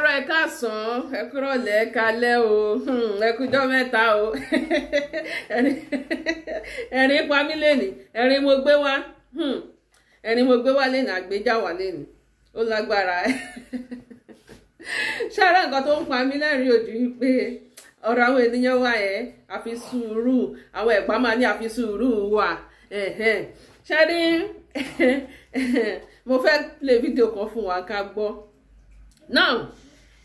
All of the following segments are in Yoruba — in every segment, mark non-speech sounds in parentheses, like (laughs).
káàárọ̀ ẹ káàsán ẹ kúrọ̀lẹ́ ẹ o hmm, ẹ o (laughs) pa mí mo gbé wá hmm, mo gbé wá àgbéjà ó lágbára (laughs) nǹkan tó ń pa mí lẹ́rìn pé ọ̀rọ̀ àwọn ènìyàn wà ẹ́ (laughs) mo fẹ́ fídíò kan fún wa ká gbọ́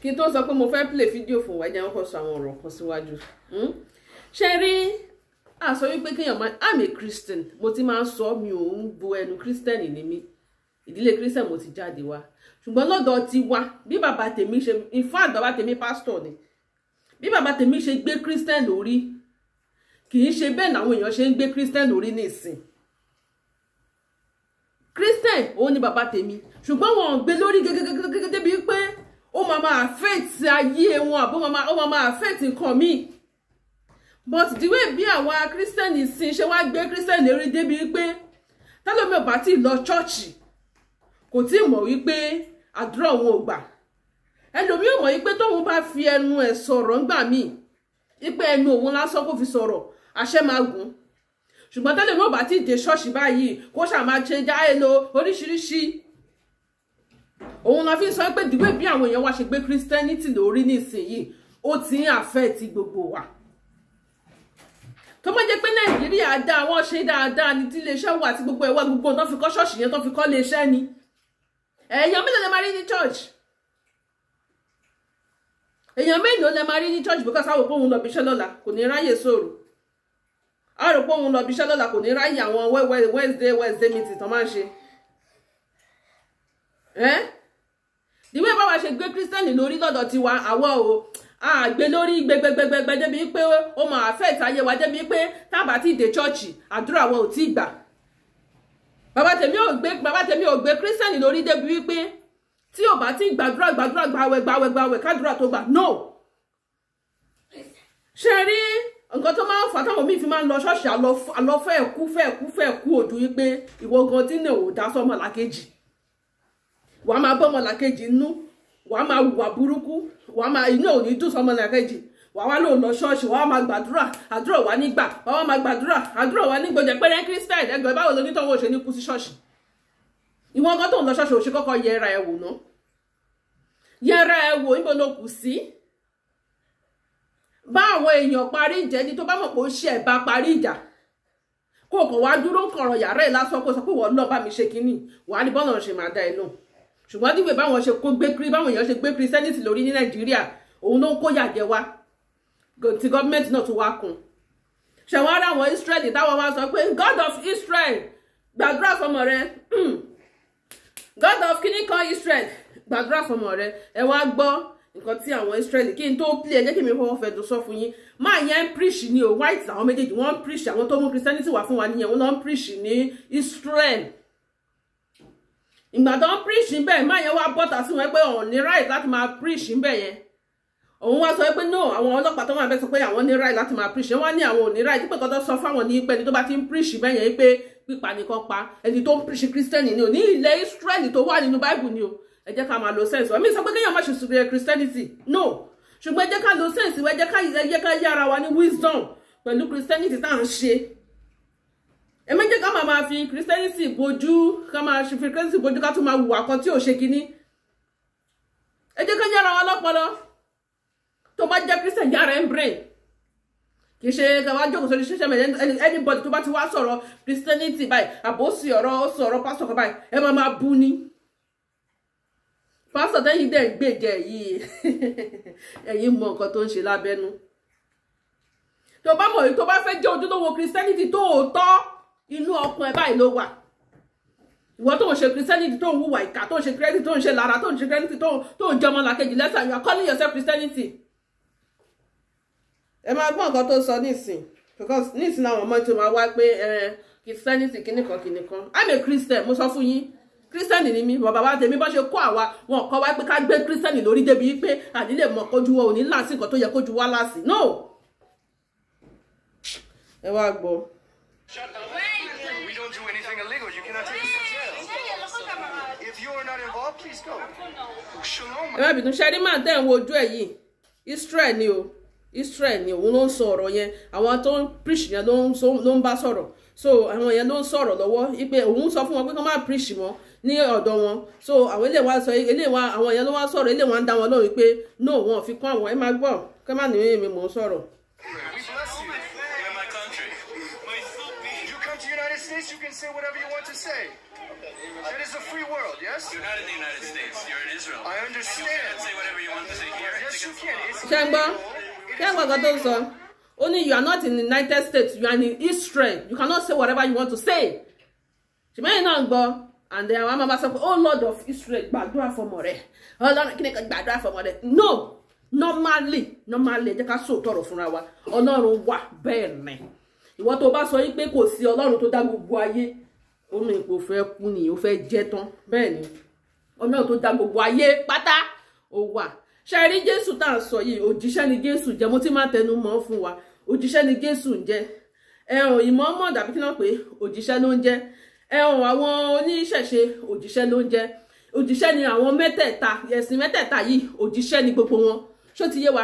kí n tó sọ pé mo fẹ́ play fídíò fún wa ẹ̀jẹ̀ ń kọ́ sọ àwọn ọ̀rọ̀ kan síwájú hmm? ṣe rí àsọ wípé kéèyàn máa I'm a Christian mo ti máa sọ mi ò ń bo ẹnu Christian ni mí ìdílé Christian mo ti jáde wá ṣùgbọ́n lọ́dọ̀ ti wá bí bàbá tèmi ṣe in fact bàbá tèmi pastor ni bí bàbá tèmi ṣe gbé Christian lórí kì í ṣe bẹ́ẹ̀ làwọn èèyàn ṣe ń gbé Christian lórí nísìn Christian òun ni bàbá tèmi ṣùgbọ́n wọn ò gbé lórí gẹ́gẹ́gẹ́gẹ́ débi pé ó máa máa affect ayé wọn àbó ó máa máa affect nǹkan míì but the way bí àwọn kírísítẹ́nì sin ṣe wá gbé kírísítẹ́nì lérí débi pé tálọ́mì ọ̀bá tí lọ ṣọ́ọ̀ṣì kò tí ì mọ̀ wípé àdúrà òun ò gbà ẹlòmíì ò mọ̀ wípé tóun bá fi ẹnu ẹ̀ sọ̀rọ̀ ńgbà míì wípé ẹnu òun lásán kò fi sọ̀rọ̀ àṣẹ máa gùn ṣùgbọ́n tálọ́mì ọ̀bá tí dé ṣọ́ọ̀ṣì báyìí kó ṣàmáṣe jáde lọ oríṣiríṣi òun la fi sọ pé dìgbò bí àwọn èèyàn wa ṣe gbé christianity lórí nísìnyí ó ti ń affect gbogbo wa tó má jẹ́ pé nàìjíríà dá wọn ṣe dáadáa ní tí iléeṣẹ́ wà àti gbogbo ẹwà gbogbo tó fi kọ́ ṣọ́ọ̀ṣì yẹn tó fi kọ́ iléeṣẹ́ ni èèyàn mélòó lè máa rí ní church èèyàn mélòó lè máa rí ní church because àwọn òpó òun lọ bíṣẹ́ lọ́la kò ní ráyè sòrò àwọn òpó òun lọ bíṣẹ́ lọ́la kò ní ráyè àwọn wednesday wednesday meeting tó máa ń ṣe ìwé bàbá ṣe gbé kírísítẹ́nì lórí lọ́dọ̀ tiwa àwa o àgbẹ̀ lórí gbẹgbẹgbẹgbẹ débi pé ó máa affect ayé wa débi pé tábà tí dé chọ́ọ̀chì àdúrà wa ò tí gbà bàbá tèmi ò gbé bàbá tèmi ò gbé kírísítẹ́nì lórí débi wípé tí ò bá tí gbàdúrà gbàdúrà gbàwẹ̀ gbàwẹ̀ gbàwẹ̀ kádùrà tó gbà no ṣe rí nǹkan tó máa ń fà táwọn míì fi máa ń lọ ṣọ́ọ̀ṣì àlọ́fẹ́ ẹ̀kú fẹ́ ẹ̀kú fẹ́ ẹ̀kú òdù wípé ìwọ gan tí ní òòdá sọmọ làkejì wàá máa bọ́ ọmọlàkejì nú wàá máa wùwà burúkú wàá máa inú ò ní dùn sọmọlàkejì wàá wá lóun lọ ṣọ́ọ̀ṣì wàá máa gbàdúrà àdúrà wà nígbà wàá máa gbàdúrà àdúrà wà nígbòjẹ pẹ́rẹ́ christian ẹgbẹ́ báwo lonítọ́wọ́ òṣèlú kú sí ṣọ́ọ̀ṣì ìwọ́n kan tó ń lọ ṣọ́ọ̀ṣì òṣì kọ́kọ́ yẹra ẹ̀ wò ná yẹra ẹ̀ wò níbo ló kù sí bá àwọn èèyàn parí ìjẹ́ ni tó bá mọ̀ pé ó ṣe ẹ̀bá parí ìjà kó o kàn wá dúró kọ̀rọ̀ yàrá ẹ̀ lásán kó o sọ pé wọ́n lọ́ọ́ bá mi ṣe kínní wàá ní bọ́ọ̀lù ṣe máa dá ẹ náà ṣùgbọ́n nígbè báwọn ṣe kó gbé kiri báwọn èèyàn ṣe gbé kiri sẹ́nìtì lórí ní nàìjíríà òun ló ń kó yàjẹ́ wa ti gọ́ọ̀mẹ̀ntì náà tún wá kún ṣẹ̀wọ́n ara àwọn israeli táwọn wá sọ pé god of israel gbàdúrà fọmọ rẹ hmm. god of kíní kan israel gbàdúrà fọmọ rẹ ẹ wá gbọ́ nǹkan tí àwọn israeli kí n tó plé ẹ jẹ́ kí mi fọwọ́ fẹ́ dùn sọ fún yín máa yẹn ń preach ni o white àwọn méjèèjì wọ́n ń preach àwọn tó mú christianity wá fún wa nìyẹn wọ́n ń preach ní israel ìgbà tó ń preach níbẹ̀ má yẹn wá bọ́ta sí wọn pé òun ní right láti máa preach níbẹ̀ yẹn òun wá sọ pé no àwọn ọlọ́pàá tó wà bẹ́ẹ̀ sọ pé àwọn ní right láti máa preach wọ́n ní àwọn ò ní right pé kọ́tọ́ sọ fáwọn ní pẹ́ni tó bá ti ń preach bẹ́ẹ̀ yẹn pé pípa nìkan pa ẹni tó ń preach Christian ni ò ní ilẹ̀ Israel tó wà nínú Bible ni o ẹ jẹ́ ká máa lo sense wa mi sọ pé kéèyàn má ṣe sùgbẹ́ Christianity no ṣùgbọ́n ẹ jẹ́ ká lo sense wa ẹ jẹ́ ká yára wa ní wisdom pẹ̀lú Christianity tá à ń ṣe ẹ méjì ká máa fi Christianity, bojú ká máa fi kìrìsìtẹ́nìsì bojú ká tún máa wùwà kan tí ò ṣe kínní ẹ jẹ́ ká yára wa lọ́pọlọ tó bá jẹ́ kìrìsìtẹ́nì yára ń brain kì í ṣe káwá jókòó sórí ṣẹṣẹ mẹjẹ anybody to ba ti wá sọ̀rọ̀ christianity báyìí àbò sì ọ̀rọ̀ ó sọ̀rọ̀ pásítọ̀ kan báyìí ẹ máa máa bú ni pásítọ̀ tẹ́yìn dẹ̀ ń gbèjẹ yìí (laughs) ẹ̀yin mo nǹkan tó ń ṣe lábẹ́nu tó bá mọ̀ yìí tó bá fẹ́ jẹ́ ojúlówó christianity tó òótọ́ inú ọkàn ẹ báyìí ló wà ìwọ tó ń ṣe christianity tó ń hùwà ìkà tó ń ṣe christianity tó ń ṣe lára tó ń ṣe christianity tó ń jẹmọ làkejì lẹ́sà you are calling yourself christianity. ẹ máa gbọ́ nǹkan tó sọ nísìn because nísìn àwọn ọmọ tí wọ́n wá pé christianity kìnnìkan kìnnìkan i'm a christian mo sọ fún yín Christian ni mi bàbá wa tèmi bá ṣe kó àwa wọn kọ́ wá pé ká gbé kírísítẹ́nì lórí débi pé àdílé mọ̀ kójú wa ò ní láàsì nǹkan tó yẹ kójú wa láàsì no. ẹ wá gbọ́ do anything illegal. You cannot take us to jail. If you are not involved, please go. Shalom. Ẹ má bínú ṣe rí màá tẹ̀ ń wojú ẹ̀ yìí. Israel ni o. Israel ni òun ló ń sọ ọ̀rọ̀ yẹn. Àwọn tó ń preach yẹn ló ń bá sọ̀rọ̀. So àwọn yẹn ló ń sọ̀rọ̀ lọ́wọ́. Ipe òun sọ fún wọn pé kí wọ́n má preach mọ́ ní ọ̀dọ̀ wọn. So àwọn ilé wa sọ ilé wa àwọn yẹn ló wá sọ̀rọ̀ ilé wa ń dá wọn lóhùn pé no wọn ò fi kún àwọn ẹ má gbọ́ kẹ́ má nìyẹn mi mò ń sọ̀rọ̀. States, you can say whatever you want to say. That is a free world, yes? You're not in the United States. You're in Israel. I understand. you can say whatever you want to say here. Yes, you can. Kẹ́ngbọ́, Kẹ́ngbọ́ kan tó ń sọ, ó ní you are not in the United States, you are in Israel. You cannot say whatever you want to say. Ṣùgbọ́n yìí ń gbọ́, and then àwọn máa sọ pé, oh Lord of Israel, gbàdúrà fọmọ rẹ̀. Ọlọ́run kí ni gbàdúrà fọmọ rẹ̀? No, normally, normally, jẹ́ ká sóòótọ́ ọ̀rọ̀ fúnra wa. Ọlọ́run wà bẹ́ẹ̀ ni ìwọ tó bá sọ yín pé kò sí ọlọ́run tó dá gbogbo ayé ó ní ipò fẹ́ kú ni ó fẹ́ jẹ́ tán bẹ́ẹ̀ ni ọlọ́run tó dá gbogbo ayé pátá ó wà ṣe rí jésù tá à ń sọ yìí òjíṣẹ́ ni jésù jẹ́ mo ti máa tẹnu mọ́ fún wa òjíṣẹ́ ni jésù ń jẹ́ ẹ̀hàn ìmọ̀ọ́mọ̀ dàbí kí náà pé òjíṣẹ́ ló ń jẹ́ ẹ̀hàn àwọn oníṣẹ̀ṣe òjíṣẹ́ ló ń jẹ́ òjíṣẹ́ ni àwọn mẹ́tẹ̀ẹ̀ta ẹ̀sìn mẹ́tẹ̀ẹ̀ta yìí òjíṣẹ́ ni gbogbo wọn ṣó ti yé wa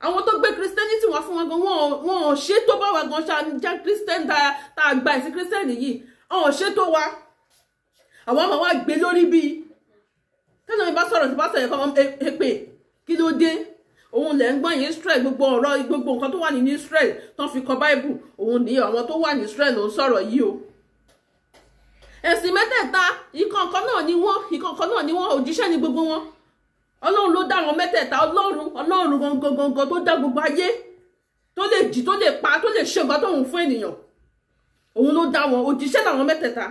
àwọn tó gbé christianity wá fún wa gan wọn ò ṣe tó bá wa gan ṣá jẹ́ christian tá a gba ẹ̀sìn christian yìí wọn ò ṣe tó wa àwọn ọmọ wa gbé lórí bíi tẹ́lẹ̀ mi bá sọ̀rọ̀ tí bá sọ̀rọ̀ kan èpè kí ló dé òun lẹ̀ ń gbọ́n yìí Israel gbogbo ọ̀rọ̀ gbogbo nǹkan tó wà ní Israel tán fi kọ báìbù òun ní àwọn tó wà ní Israel ló ń sọ̀rọ̀ yìí o ẹ̀sìn mẹ́tẹ̀ẹ̀ta ìkọ̀ọ̀kan náà ni wọ́n ìkọ̀ọ̀kan náà ni wọ́n òjíṣẹ́ ni gbogbo wọn ọlọ́run ló dá àwọn mẹ́tẹ̀ẹ̀ta ọlọ́run ọlọ́run gangan tó dá gbogbo ayé tó lè jí tó lè pa tó lè ṣe nǹkan tóun fún ènìyàn òun ló dá wọn òjíṣẹ́ làwọn mẹ́tẹ̀ẹ̀ta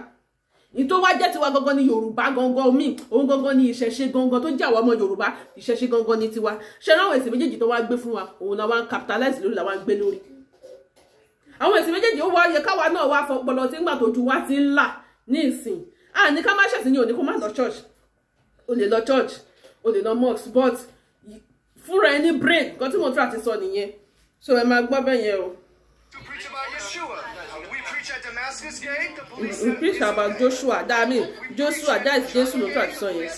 ní tó wá jẹ́ tiwa gangan ni yorùbá gangan mi òun gangan ni ìṣẹ̀ṣe gangan tó jẹ́ àwọn ọmọ yorùbá ìṣẹ̀ṣe gangan ni tiwa ṣe ráwọn ẹ̀sìn méjèèjì tó wá gbé fún wa òun làwọn capitalize lórí làwọn gbé lórí àwọn ẹ̀sìn méjèèjì ó wá yẹ káwa náà wá fọpọlọ tí ńgbà tójú wá ti ń là ní ìsìn àní ká má ṣẹ̀sìn ni òní kó má lọ church ó lè lọ church o lè lọ mosque but fúnra ẹni brain nǹkan tí mo tún àti sọ nìyẹn so ẹ máa gbọ́ bẹ́ẹ̀ yẹn o. we preach about Joshua that I mean Joshua that is Jesus. ló tún àti sọ yẹn.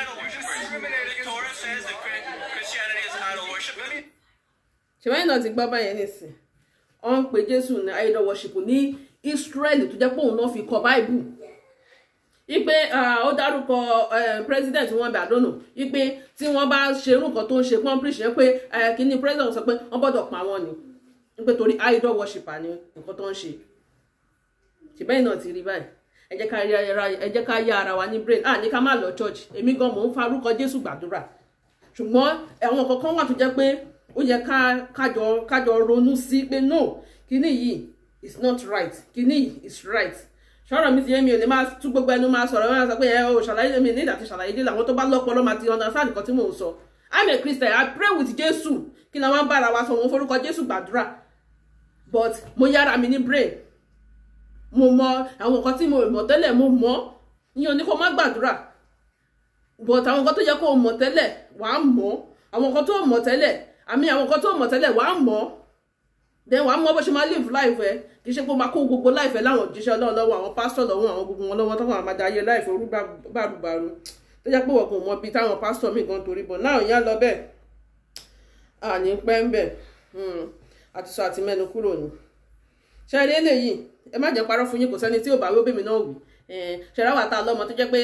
idol worship. The Torah says that Christianity is idol worship. ṣèwọ́n náà ti gbọ́ báyẹn nísìn ọ̀ ń pè Jésù ní idol worship ní Israeli tó jẹ́ pé òun náà fi kọ báìbù ipe ó dárúkọ president wọn bẹ àdónù ipe tí wọ́n bá ṣe irú nǹkan tó ń ṣe pọnpírìṣì pé kíní president sọ pé wọ́n gbọ́dọ̀ pa wọ́n ni pé idol worship ni nǹkan tó ń ṣe ṣèbẹ́yìn náà ti rí báyìí ẹ jẹ́ ká yára ẹ jẹ́ ká yá ara wa ní brain ah ní ká má lọ church èmi gan mò ń farúkọ Jésù gbàdúrà ṣùgbọ́n àwọn kankan wà tó jẹ́ pé ó yẹ ká kájọ kájọ ronú sí pé no kíní yìí is not right kíní yìí is right sọ̀rọ̀ mi ti yé mi ò lè máa tú gbogbo ẹnu máa sọ̀rọ̀ máa sọ pé ẹ o ṣàlàyé mi ní ìdàtí ṣàlàyé dé làwọn tó bá lọ́pọlọ máa ti understand nǹkan tí mò ń sọ i'm a christian i pray with jesus kí ni wọ́n bára wa sọ òun forúkọ jésù gbàdúrà but mo yára mi ní brain mo mọ àwọn nǹkan tí mo mọ̀ tẹ́lẹ̀ mo mọ̀ ìyẹn ní kó má gbàdúrà but àwọn nǹkan tó yẹ kó o mọ̀ tẹ́lẹ̀ wàá mọ̀ àwọn nǹkan tó mọ̀ tẹ́lẹ̀ àmì àwọn nǹkan tó mọ̀ tẹ́lẹ̀ wàá mọ̀ then wàá mọ̀ bó ṣe máa live life ẹ kì í ṣe pé ó máa kó gbogbo life ẹ láwọn òjíṣẹ́ ọlọ́run lọ́wọ́ àwọn pásítọ̀ lọ́wọ́ àwọn gbogbo wọn lọ́wọ́ táwọn àmàdá ayé life orú bàrùbàrù tó jẹ́ pé wọ́n kò mọ̀ bíi táwọn pásítọ̀ mi gan torí bọ̀ náà ìyá lọ bẹ́ẹ̀ àní pẹ́ńbẹ̀ àtisọ hmm. àti mẹ́nu kúrò ní ṣẹ́ẹ́rẹ́ lè yìí ẹ má jẹ́ fún yín kò sẹni tí ò bá wí ó bèmí náà wù ṣẹ̀rá wà tá a tó jẹ pé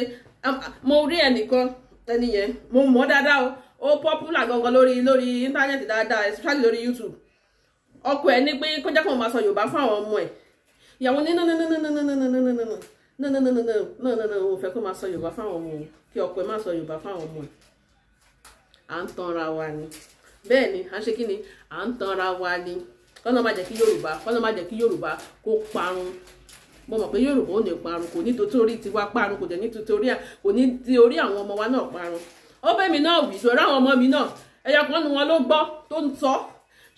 mo rí ẹnìkan ẹni yẹn mo mọ̀ dáadáa o ó pọ́pùlà gangan lórí lórí íńtánẹ́ẹ̀tì dáadáa especially lórí YouTube ọkọ ẹ ní pé kó jẹ́ kó máa sọ Yorùbá fún àwọn ọmọ ìyàwó ní kọ́nà má jẹ́ kí yorùbá kọ́nà má jẹ́ kí yorùbá kó parun mo mọ̀ pé yorùbá ò ní parun kò ní torí tiwa parun kò dẹ̀ ní torí kò ní torí àwọn ọmọ wa náà parun ó bẹ́ mi náà wì sọ̀rọ̀ àwọn ọmọ mi náà ẹ̀yọ̀ kan nu wọn ló gbọ́ tó ń sọ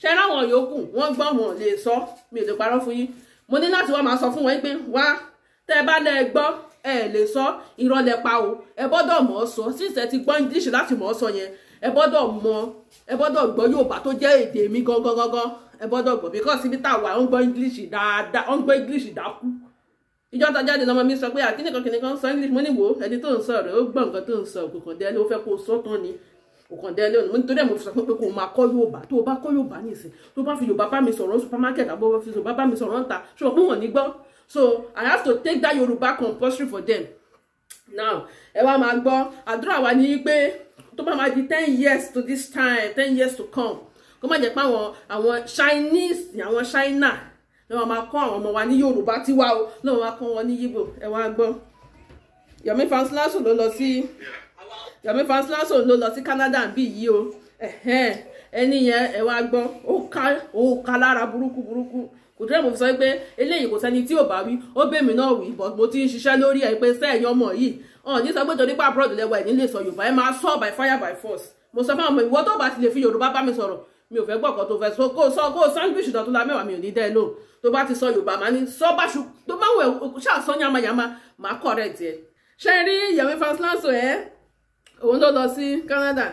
ṣe ráwọn yòókù wọ́n gbọ́ wọn lè sọ mi ò lè parọ́ fún yín mo ní láti wá máa sọ fún wọn pé wá tẹ́ ẹ bá lẹ gbọ́ ẹ lè sọ ìrọ̀lẹ́ pa o ẹ bọ́dọ̀ mọ̀ ọ́ sọ síṣẹ́ ti gbọ́ english láti mọ̀ ọ́ sọ yẹn ẹ bọ́dọ̀ mọ̀ ẹ bọ́dọ̀ gbọ́ yorùbá tó jẹ́ èdè mi gangan gangan ẹ gbọ́dọ̀ gbọ́ because ibi tá a wà ó ń gbọ́ english dáadáa ó ń gbọ́ english dákú ìjọ ta jáde lọmọ mi sọ pé àkíníkan kìnìkan sọ english mo ní wo ẹni tó ń sọ rẹ ó gbọ́ nǹkan tó ń sọ òkùnkàn délé ó fẹ́ kó sọ tán ni òkùnkàn délé òní nítorí ẹ̀ mo sọ pé kó o máa kọ́ yorùbá tó o bá kọ́ yorùbá nìsín tó o bá fi yorùbá bá mi sọ̀rọ̀ supermarket àbọ̀ fi yorùbá bá mi sọ̀rọ̀ ńta ṣùgbọ́n pé wọ́n ní gbọ́ so i have to take that yorùbá compulsory for them now ẹ wá máa gbọ́ àdúrà wa ní pé tó bá máa di ten years to this time ten years to come kó má jẹ́ pé àwọn àwọn chinese àwọn china náà máa kọ́ àwọn ọmọ wa ní yorùbá tiwa o náà máa kọ́ wọn ní yíbò ẹ wá gbọ́ yomi fanslanso ló lọ sí yomi fanslanso ló lọ sí canada bí yìí o ẹni yẹn ẹ wá gbọ́ ó ká ó ká lára burúkú burúkú kùdúrẹ́ mo fi sọ pé eléyìí kò sẹ́ni tí ò bá wí ó bèmí náà wí bọ̀ mo ti ń ṣiṣẹ́ lórí ẹ̀ pé sẹ́ẹ̀yìn ọmọ yìí ọ̀n ní sọ pé torí pé abroad lẹ́wọ̀ ẹ̀ nílé sọ yorùbá ẹ máa sọ by fire by force mo sọ fún àwọn ọmọ ìwọ tó bá ti lè fi yorùbá bá mi sọ̀rọ̀ mi ò fẹ́ gbọ́ ọ̀kan tó fẹ́ sọ kó sọ kó sọ english tó la mẹ́wàá mi ò ní dẹ́ lóhùn tó bá ti sọ yorùbá máa ní sọ báṣu tó bá wẹ̀ ṣáà sọ yamayama máa correct ẹ̀ ṣe rí yẹ̀wé fanslanso ẹ̀ òun ló lọ sí Canada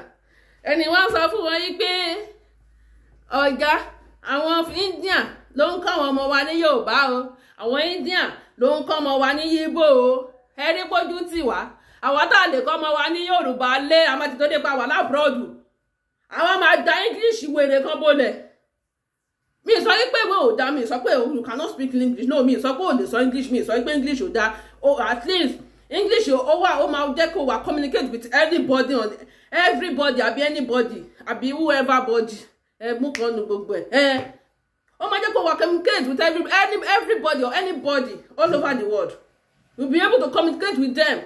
ẹni wọ́n sọ fún wọn yí pé ọ̀gá àwọn India ló ń kọ́ àwọn ọmọ wa ní yorùbá o àwọn India ló ń kọ́ ọmọ wa ní yíbò o ẹ rí pójú tì wá àwa tá a lè kọ́ ọmọ wa ní yorùbá lé àmọ́ ti tó dé pa wà lábúròdù àwa máa da english wèrè kan bolẹ̀ mi sọ pé ìwé ò da mi sọ pé you cannot speak english no mi sọ pé ò lè sọ english mi sọ pé english ò da at least english ó wà ó máa jẹ́ kó wà communicate with anybody on everybody àbí anybody àbí whoever body ẹ mú kan nu gbogbo ẹ ẹ ó máa jẹ́ kó wà communicate with every, everybody or anybody all over the world you be able to communicate with them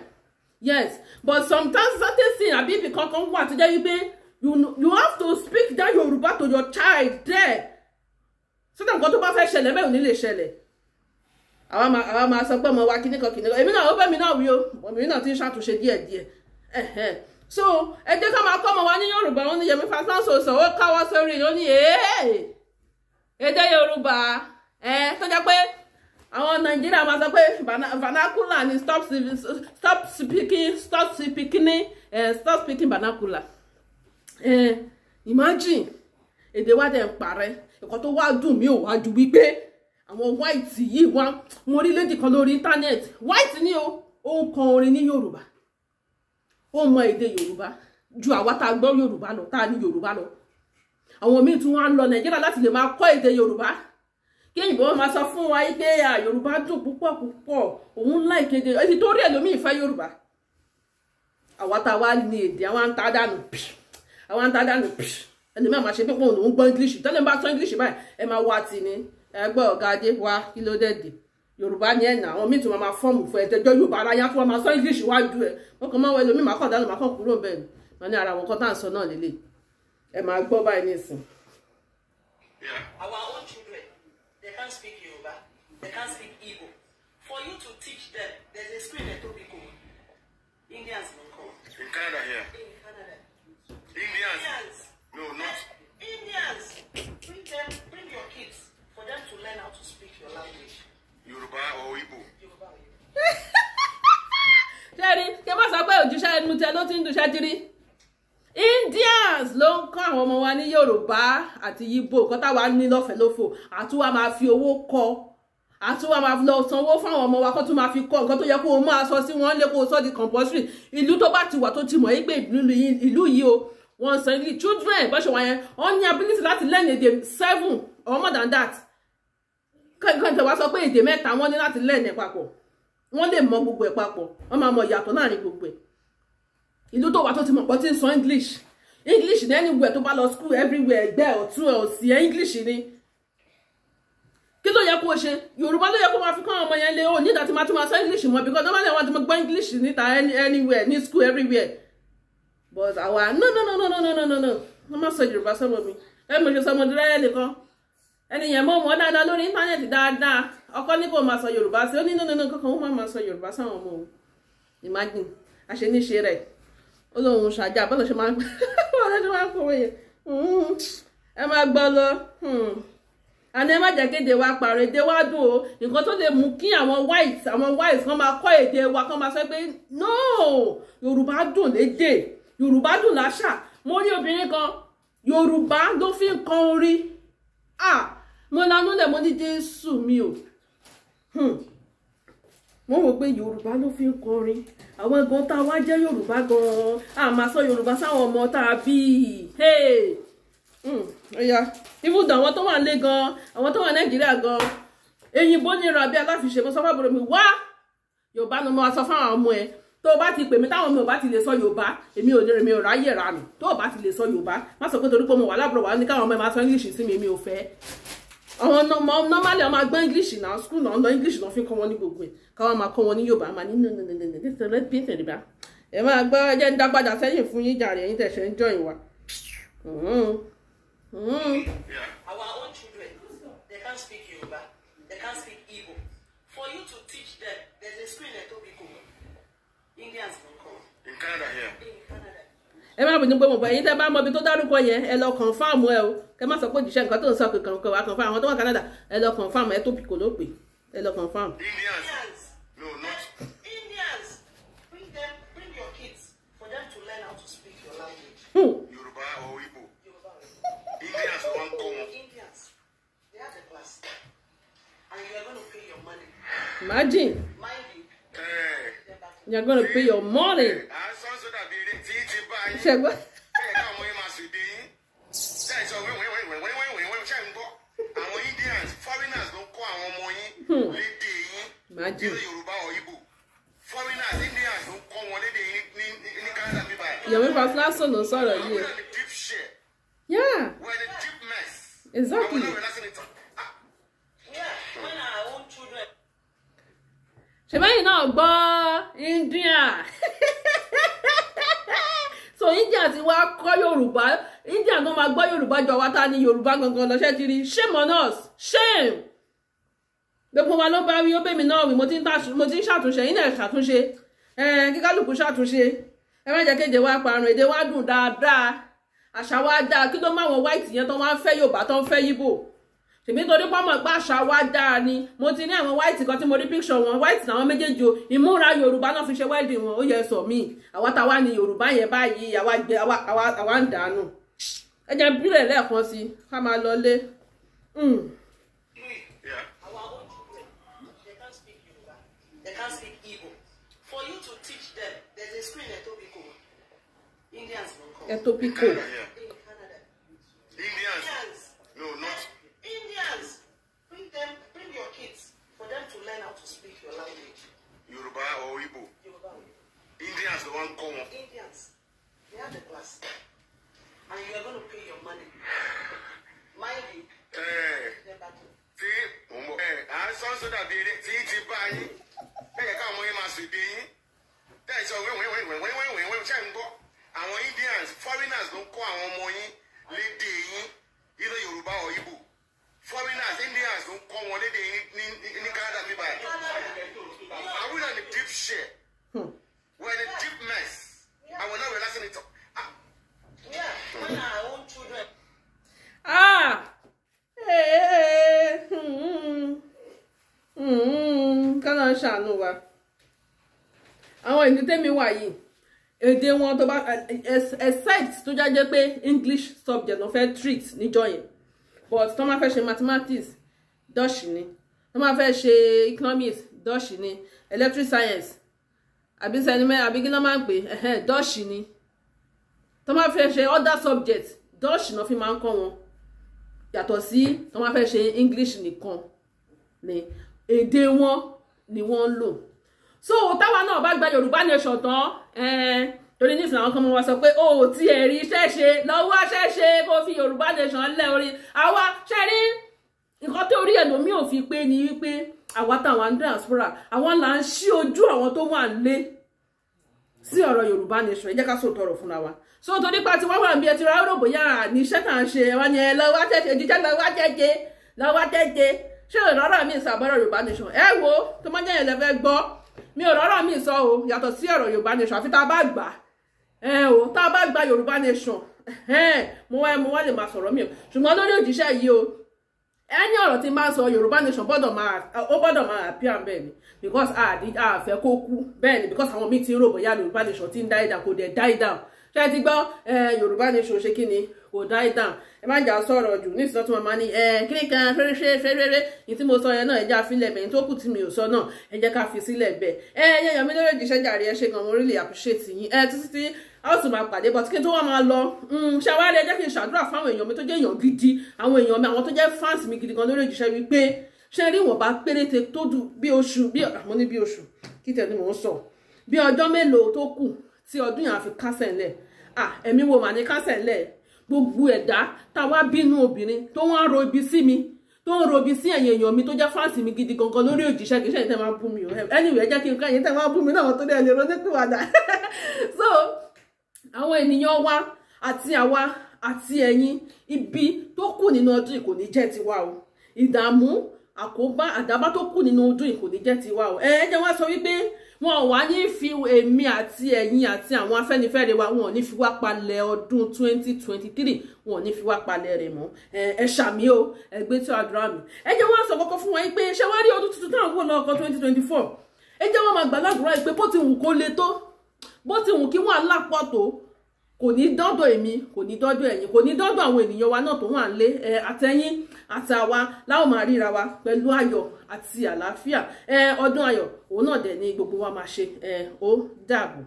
yes but sometimes certain things àbí ibì kankan wà tó jẹ́ wípé you you have to speak that Yorùbá to your child there so that nǹkan tó bá fẹ́ ṣẹlẹ̀ bẹ́ẹ̀ ò ní lè ṣẹlẹ̀ àwa máa àwa máa sọ pé ọmọ wa kíní kan kíní kan èmi náà ó bẹ́ẹ̀ mi náà wí o èmi náà ti ń ṣàtúnṣe díẹ̀díẹ̀ ẹ̀hẹ́n so ẹ jẹ́ ká máa kọ́ ọmọ wa ní Yorùbá ó ní Yẹmí Fásánṣoṣo ó káwọ́ sórí ó ní èé èdè Yorùbá ẹ tó jẹ́ pé àwọn Nàìjíríà máa sọ pé vernacular ni stop stop speaking stop speaking Eh, stop speaking vernacular imagine èdè wa dẹ̀ ń parẹ́ ẹ̀kọ́ tó wá dùn mí ò wá ju wípé àwọn white yìí wá mo rí lédì kan lórí internet. white ni o ó ń kọ orin ní yorùbá ó mọ èdè yorùbá ju àwa tá a gbọ́ yorùbá lọ tá a ní yorùbá lọ àwọn míì tún wá ń lọ nàìjíríà láti lè máa kọ́ èdè yorùbá kí èyìnbó máa sọ fún wa pé yorùbá dùn púpọ̀ púpọ̀ òun láì kéde èyí tó rí ẹlòmíì fẹ́ yorùbá àwa tá a wá ní èdè àwọn à ń ta dànù pìí àwọn àtàdá ni ẹni mẹ́rin máa ṣe pé òun gbọ́ english tẹ́lẹ̀ bá tọ́ english báyìí ẹ máa wá tì ní ẹgbẹ́ ọ̀gá adé wa kí ló dé dé yorùbá ni ẹ̀nà àwọn míì tí wọ́n máa fọ́ọ̀mù fún ẹ̀tẹ́jọ́ yorùbá aráyá tí wọ́n máa sọ english wájú ẹ̀ wọ́n kàn máa wọ ẹlòmíì máa kọ̀ dánù máa kọ̀ kúrò bẹ́ẹ̀ ni wọ́n ní ara àwọn kan tá à ń sọ náà lélẹ̀ ẹ máa gbọ́ báyìí nísìn. our own children they can't speak yorùbá they can't speak igbo for you to teach them there's a screen at tobiko indians go come. in canada here. Indians. No, not. Indians. Bring them, bring your kids for them to learn how to speak your language. Yoruba or Igbo. Yoruba or Igbo. (laughs) Ṣẹ́rí, ṣé wọ́n sọ pé òjúṣe ẹnu tẹ ló ti ń dùṣẹ́ jírí? Indians ló ń kọ́ àwọn ọmọ wa ní Yorùbá àti Igbo kọ́ táwa ní lọ́fẹ̀ẹ́ lófò àtúwà máa fi owó kọ́ àtúwà máa lọ sanwó fún àwọn ọmọ wa kó tún máa fi kọ́ nǹkan tó yẹ kó o máa sọ sí wọn lé kó o sọ di compulsory ìlú tó bá ti wà tó ti mọ̀ yí ìlú yìí o wọ́n sọ english children bọ́ṣọ wọn yẹn wọ́n ní ability láti learn èdè seven or more than that kẹ́kẹ́ tẹ̀wá sọ pé èdè mẹ́ta wọ́n ní láti learn ẹ̀ papọ̀ wọ́n lè mọ gbogbo ẹ̀ papọ̀ wọ́n máa mọ ìyàtọ̀ láàrin gbogbo ẹ̀ ìlú tó wà tó ti mọ̀ pọ́ tí ń sọ english english ní anywhere tó bá lọ school everywhere ẹgbẹ́ ọ̀tún ẹ̀ òsì ẹ̀ english ni kí ló yẹ kó o ṣe yorùbá ló yẹ kó máa fi kọ́ ọmọ yẹn lé o nígbà tí máa tún máa sọ english mọ́ because normally àwọn ti mọ gbọ́ english níta anywhere ní school everywhere but àwa no no no no no no no no no No má sọ yorùbá sọmọ mi ẹ mọ̀ ṣe sọmọ dúró ẹnìkan ẹnìyẹn mọ̀ mọ̀ dáadáa lórí íńtánẹ́ẹ̀tì dáadáa ọkọ ní kò máa sọ yorùbá sí ó ní nínú kankan ó má máa sọ yorùbá sáwọn ọmọ òun imagine àṣeníṣe rẹ̀ ó lóun ṣàjà bọ́lá ṣe máa ń (laughs) bọ́lá ṣe máa ń kọ̀wé yẹn hmm. ẹ máa gbọ́ lọ hmm. àná ẹ má jẹ́ kéde wa pààrọ̀ èdè wa dùn o nǹkan tó lè mú kí àwọn whites àwọn whites kan máa kọ́ èdè wa kan máa sọ pé no yorùbá dùn lédè yorùbá dùn láṣà mo rí obìnrin kan yorùbá ló fi ń kan orin ah mo lanú lẹ̀ mo ní jésù mi o hmm. mo wò pé yorùbá ló fi ń kọrin àwọn gan tá a wá jẹ́ yorùbá gan a máa sọ yorùbá sáwọn ọmọ tá a bí ọ̀yà ibùdó hmm, àwọn tó wà lé gan-an àwọn tó wà nàìjíríà gan-an èyìnbó ni rabi aláfiṣe mo sọ fún àbúrò mi wá yorùbá ni mo wá sọ fún àwọn ọmọ ẹ tó o bá ti pè mí táwọn mi ò bá ti lè sọ yorùbá èmi ò lè mi ò ráyè ranù tó o bá ti lè sọ yorùbá má sọ pé torí pé mo wà lábúrò wà ní káwọn ọmọ ẹ máa sọ english sí mi èmi ò fẹ́ àwọn normally ọmọ agbọ́n english náà school náà lọ english náà fi kọ́ wọn ní gbogbo ẹ̀ káwọn máa kọ́ wọn ní yorùbá máa ní nínú ẹ máa gbọ́ ẹ jẹ́ ń dágbádà sẹ́yìn fún yín jàre ẹ̀yin tẹ̀sẹ̀ ń jọ ìwà. Mm-hmm. Mm-hmm. Our own children, they can't speak Yoruba, they can't speak Igbo. For you to teach them, there's a screen school in Etobicoke ẹ má bínú pé mo bọ bá mọ ibi tó dárúkọ yẹn ẹ lọ confirm ẹ o kẹ́ má sọ pé òjíṣẹ́ nǹkan tó ń sọ kankan kọ wá confirm àwọn tó wà Canada ẹ lọ confirm ẹ tó pìkò ló pè ẹ lọ confirm. Indians no not. Indians bring them bring your kids for them to learn how to speak your language. Hmm. Yorùbá or Igbo Indians wan come. Indians they are the class and you are gonna pay your money. Imagine. You're gonna pay your money. Ṣẹ̀gbọ́n. Àwọn Indians, foreigners ló kọ́ àwọn ọmọ yín lédè yín. Májú. Bí Yorùbá or Igbo. Foreigners, Indians ló kọ́ wọn lédè yín ní Canada bíbá Yeah. Yomi Faslaso ló sọ̀rọ̀ yìí. We're in a deep shit. Yeah. We're in a deep mess. Exactly. Ṣé báyìí náà gbọ́? India so India ti wá kọ́ Yorùbá India gan máa gbọ́ Yorùbá jọ wá ta ni Yorùbá gangan lọ́sẹ̀ ti rí shame on us shame gbogbo wa ló bá wí ó bèmí náà wí mo ti ń ṣàtúnṣe yín náà ṣàtúnṣe kíkálukú ṣàtúnṣe ẹ má jẹ́ kéde wá parun èdè wa dùn dáadáa àṣà wa dáa kí ló máa wọ white yẹn tó wá ń fẹ́ Yorùbá tó ń fẹ́ yíbò ṣèbí torí pọ́mọ̀ gbà àṣà wa dáa ni mo ti ní àwọn white kan tí mo rí picture wọn white làwọn méjèèjì o ìmúra yorùbá náà fi ṣe wedding wọn ó yẹ sọ mí àwa táwa ni yorùbá yẹn báyìí àwa gbé àwa ń dànù ẹ jẹ́ bílẹ̀ lẹ́ẹ̀kan sí ká máa lọlé. Hmm. Etopiko. Yeah. Yoruba or Igbo. Indians ló wá ń Indians, they have the class. àwọn ìlú tẹ́mi wà yìí èdè wọn tó bá except tó jájẹ́ pé english subject wọn fẹ́ treat níjọ yẹn but tó máa fẹ́ ṣe mathematics dutch ni tó máa fẹ́ ṣe economics dutch ni electric science àbí sẹ́nimẹ́ àbí kí ló máa ń pè dutch ni tó máa fẹ́ ṣe other subject dutch náà fi máa ń kọ́ wọn yàtọ̀ sí tó máa fẹ́ ṣe english nìkan ni èdè wọn ni wọ́n ń lò so táwa náà bá gba yorùbá nation tán eh, torí ní ìsìn àwọn kan mọ wa sọ pé o ò tí ẹ̀ rí iṣẹ́ ṣe lọ́wọ́ iṣẹ́ ṣe kó fi yorùbá nation lẹ̀ orin àwa ṣe rí nǹkan tó rí ẹlòmíì ò fi pé ni wípé àwa táwọn diaspora àwọn là ń ṣí ojú àwọn tó wà lé sí ọ̀rọ̀ yorùbá nation ẹ jẹ́ ká sòtọ̀ ọ̀rọ̀ fúnra wa so torí pa tí wọ́n wà ń bí ẹ ti ra rò bóyá ní iṣẹ́ tá à ń ṣe wọ́n yẹn lọ́wọ́ tẹ̀tẹ̀ jíjẹ́ lọ́wọ́ tẹ̀tẹ̀ lọ́wọ́ tẹ̀tẹ̀ ṣé ìrọ̀rọ̀ mi ìsàbọ̀rọ̀ yorùbá nation ẹ wo tó máa ń yẹn lẹ́fẹ̀ẹ́ gbọ́ mi ò rọ́rọ̀ mi sọ o yàtọ̀ sí ọ̀rọ̀ yorùbá nation àfi tá a bá gbà ẹ o tá a bá gba yorùbá nation mo wá mo wá lè máa sọ̀rọ̀ mi o ṣùgbọ́n lórí òjíṣẹ́ yìí o ẹni ọ̀rọ̀ tí máa sọ yorùbá nation gbọ́dọ̀ máa ó gbọ́dọ̀ máa appear àmì bẹ́ẹ̀ ni because àfẹ́ kó kú bẹ́ẹ̀ ni because àwọn míì ti ń rò bóyá yorùbá nation ti ń die down kò dẹ̀ die down tẹ́tí gbọ́ yorùbá nation ṣe kí ni kò dá ìdá ẹ má jà sọ̀rọ̀ jù ní ìsọ́tún màmá ni ẹ kíni kan fẹ́rẹ́ṣẹ́ fẹ́rẹ́rẹ́ ní tí mo sọ yẹn náà ẹ jẹ́ àfilẹ̀ bẹ̀yìn tó kù tí mi ò sọ náà ẹ jẹ́ ká fi sílẹ̀ bẹ̀ ẹ yẹ yẹn mi lórí ìjíṣẹ́ jàre ẹ ṣe gan mo really appreciate yín ẹ títí tí a ó sì máa pàdé bọ̀ tí kí n tó wá máa lọ mm, ṣe wá lẹ jẹ́ kí n ṣàdúrà fáwọn èèyàn mi tó jẹ́ èèyàn gidi àwọn èèyàn mi àwọn tó jẹ́ fans mi gidi gan lórí ìjíṣẹ́ wípé ṣe rí wọ̀nba péréte tó dù bí oṣù bí àmọ́ ah, ní bí oṣù kí tẹ̀lé mò ń sọ bí ọjọ́ mélòó tó kù tí ọdún yẹn á fi kásẹ̀ ńlẹ̀ Emi wo mà ní kásẹ̀ gbogbo ẹ̀dá bínú obìnrin tó wọ́n ro ibi sí mi tó ń ro ibi sí ẹ̀yìn èèyàn mi tó jẹ́ fáǹsì mi gidi gangan lórí òjíṣẹ́ kì í ṣe ìtẹ́ máa bú o anyway jẹ́ kí n ká ẹ̀yìn tẹ́ máa bú mi náà tó dé (laughs) so àwọn ènìyàn wa àti àwa àti ibi tó kù nínú ọdún yìí kò ní o àkóbá àdábá tó kù nínú ọdún yìí kò ní jẹ́ tiwa o ẹ jẹ́ wá sọ wípé wọn ò wá ní fi èmi àti ẹ̀yin àti àwọn afẹ́nifẹ́re wa wọn ò ní fi wá palẹ̀ ọdún 2023 wọn ò ní fi wá palẹ̀ rẹ̀ mọ́ ẹ ṣàmì o ẹ gbé tí àdúrà mi ẹ jẹ́ wá sọ kọ́kọ́ fún wọn pé ṣé wàá rí ọdún tuntun táwọn wò lọ́kọ́ 2024 ẹ jẹ́ wá máa gbàlagbà pé bó ti wù kó le tó bó ti wù kí wọ́n alápọ̀ tó kò ní dọ́dọ̀ èmi kò ní dọ́dọ̀ ẹ̀yin kò ní dọ́dọ̀ àwọn ènìyàn wa náà tó wà ń lé ẹ àtẹ̀yìn àtàwa láwọn máa ríra wa pẹ̀lú ayọ̀ àti àlàáfíà ẹ ọdún ayọ̀ òun náà dẹ̀ ni gbogbo wa máa ṣe ẹ ó dàbọ̀.